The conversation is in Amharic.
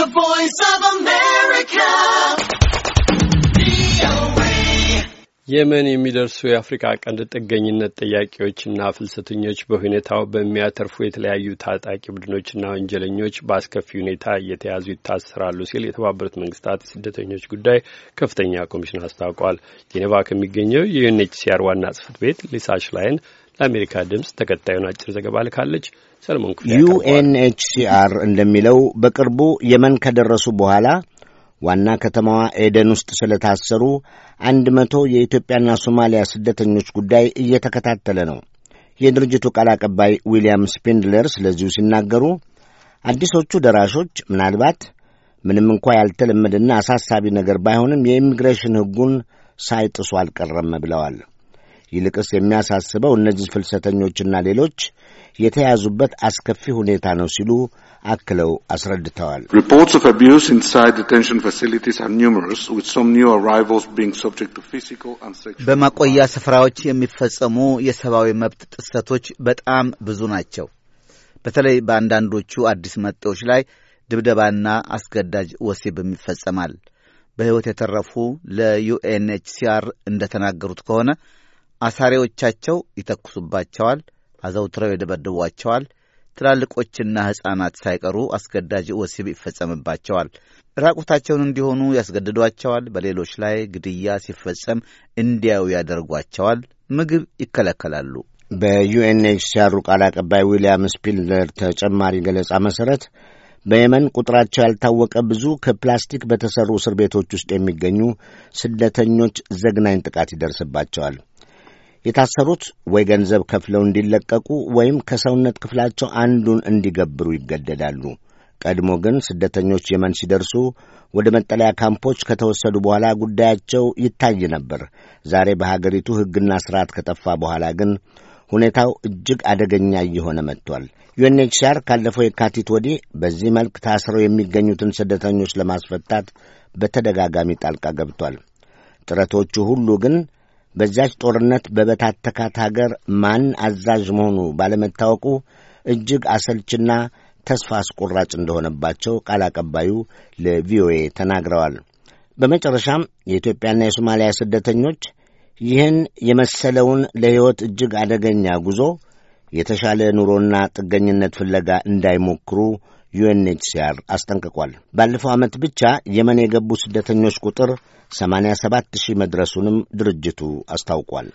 The Voice of America. የመን የሚደርሱ የአፍሪካ ቀንድ ጥገኝነት ጥያቄዎችና ፍልሰተኞች በሁኔታው በሚያተርፉ የተለያዩ ታጣቂ ቡድኖችና ወንጀለኞች በአስከፊ ሁኔታ እየተያዙ ይታሰራሉ ሲል የተባበሩት መንግስታት የስደተኞች ጉዳይ ከፍተኛ ኮሚሽን አስታውቋል። ጄኔቫ ከሚገኘው የዩኤንኤችሲአር ዋና ጽህፈት ቤት ሊሳሽ ላይን ለአሜሪካ ድምፅ ተከታዩን አጭር ዘገባ ልካለች። ሰለሞን ክፍ ዩኤንኤችሲአር እንደሚለው በቅርቡ የመን ከደረሱ በኋላ ዋና ከተማዋ ኤደን ውስጥ ስለታሰሩ አንድ መቶ የኢትዮጵያና ሶማሊያ ስደተኞች ጉዳይ እየተከታተለ ነው። የድርጅቱ ቃል አቀባይ ዊልያም ስፒንድለር ስለዚሁ ሲናገሩ አዲሶቹ ደራሾች ምናልባት ምንም እንኳ ያልተለመደና አሳሳቢ ነገር ባይሆንም የኢሚግሬሽን ሕጉን ሳይጥሱ አልቀረም ብለዋል። ይልቅስ የሚያሳስበው እነዚህ ፍልሰተኞችና ሌሎች የተያዙበት አስከፊ ሁኔታ ነው ሲሉ አክለው አስረድተዋል። በማቆያ ስፍራዎች የሚፈጸሙ የሰብአዊ መብት ጥሰቶች በጣም ብዙ ናቸው። በተለይ በአንዳንዶቹ አዲስ መጤዎች ላይ ድብደባና አስገዳጅ ወሲብም ይፈጸማል። በሕይወት የተረፉ ለዩኤንኤችሲአር እንደተናገሩት ከሆነ አሳሪዎቻቸው ይተኩሱባቸዋል፣ አዘውትረው ይደበድቧቸዋል። ትላልቆችና ሕፃናት ሳይቀሩ አስገዳጅ ወሲብ ይፈጸምባቸዋል። ራቁታቸውን እንዲሆኑ ያስገድዷቸዋል። በሌሎች ላይ ግድያ ሲፈጸም እንዲያዩ ያደርጓቸዋል። ምግብ ይከለከላሉ። በዩኤንኤችሲአሩ ቃል አቀባይ ዊልያም ስፒልደር ተጨማሪ ገለጻ መሠረት በየመን ቁጥራቸው ያልታወቀ ብዙ ከፕላስቲክ በተሠሩ እስር ቤቶች ውስጥ የሚገኙ ስደተኞች ዘግናኝ ጥቃት ይደርስባቸዋል። የታሰሩት ወይ ገንዘብ ከፍለው እንዲለቀቁ ወይም ከሰውነት ክፍላቸው አንዱን እንዲገብሩ ይገደዳሉ። ቀድሞ ግን ስደተኞች የመን ሲደርሱ ወደ መጠለያ ካምፖች ከተወሰዱ በኋላ ጉዳያቸው ይታይ ነበር። ዛሬ በሀገሪቱ ሕግና ሥርዓት ከጠፋ በኋላ ግን ሁኔታው እጅግ አደገኛ እየሆነ መጥቷል። ዩኤንኤችሲአር ካለፈው የካቲት ወዲህ በዚህ መልክ ታስረው የሚገኙትን ስደተኞች ለማስፈታት በተደጋጋሚ ጣልቃ ገብቷል። ጥረቶቹ ሁሉ ግን በዚያች ጦርነት በበታተካት አገር ማን አዛዥ መሆኑ ባለመታወቁ እጅግ አሰልችና ተስፋ አስቆራጭ እንደሆነባቸው ቃል አቀባዩ ለቪኦኤ ተናግረዋል። በመጨረሻም የኢትዮጵያና የሶማሊያ ስደተኞች ይህን የመሰለውን ለሕይወት እጅግ አደገኛ ጉዞ የተሻለ ኑሮና ጥገኝነት ፍለጋ እንዳይሞክሩ ዩኤንኤችሲአር አስጠንቅቋል። ባለፈው ዓመት ብቻ የመን የገቡ ስደተኞች ቁጥር 87 ሺህ መድረሱንም ድርጅቱ አስታውቋል።